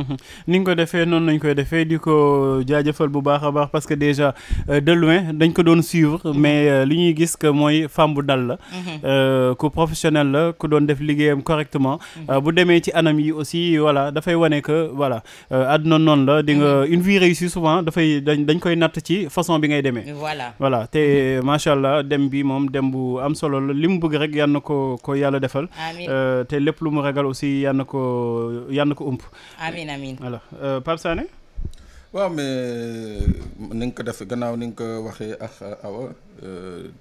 Mhm. ni nga ko defee noonu nañ koy defee di ko jaajëfal bu baax a baax parce que déjà euh, de loin dañ ko doon suivre mhm. mais euh, li ñuy gis que mooy femme bu dal la mhm. euh, ku professionnel la ku doon def liggéeyam correctement bu demee ci anam yi aussi voilà dafay wane que voilà àdduna noonu la di nga une vie réussie souvent dafay dañ dañ koy natt ci façon bi ngay demee voilà voilà te macha allah dem bi moom dem bu am solo la li mu bëgg rek yal na ko ko yàlla defal te lépp lu mu ragal aussi yal ko yal amiin voilà euh, Pape Sané. Euh, ni nga ko def gannaaw ni nga ko waxee ak euh, Awa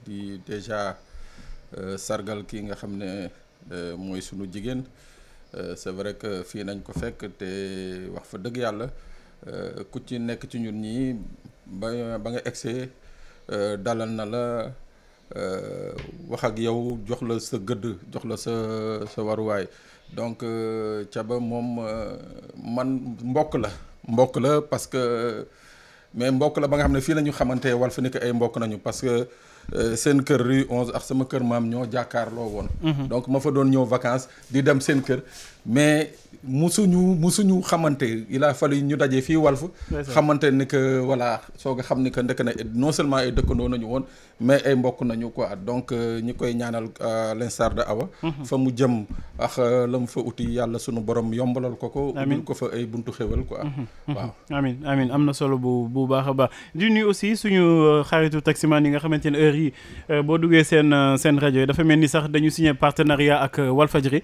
di déjà sargal ki nga xam ne mooy sunu jigéen c'est vrai que fii nañ ko fekk te wax fa dëgg yàlla ku ci nekk ci ñun ñii ba ba nga egsee dalal na la wax ak yow jox la sa gëdd jox la sa sa waruwaay. donc euh, Thiaba moom euh, man mbokk la mbokk la parce que mais mbokk la ba nga xam ne fii la ñu xamante wal fa nekk ay mbokk nañu parce que Euh, seen kër rue 11 ak sama kër maam ñoo jàkkaarloo woon. Mhm. donc ma fa doon ñëw vacances di dem seen kër. mais musuñu musuñu xamante il a fallu ñu daje fii Walf. xamante ni que voilà soo nga xam ni que ndëkk na non seulement ay dëkkandoo nañu woon mais ay mbokk nañu quoi donc euh, ñi koy ñaanal l'instar de Awa. Mhm. fa mu jëm ak euh, la mu fa uti yàlla sunu borom yombalal ko ko. amiin ko fa ay buntu xéwal quoi. Mhm. waaw amiin amiin am na solo bu bu baax a baax di nuyu aussi suñu xaritu taximaan yi yi euh, boo duggee seen euh, seen rajo yi dafa mel ni sax dañu signé partenariat ak euh, Walfadjri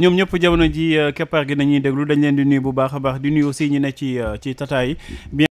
ñoom ñëpp jamono ji keppaar gi nañuy déglu dañ leen di nuyu bu baax a baax di nuyu aussi ñi ne ci ci tataay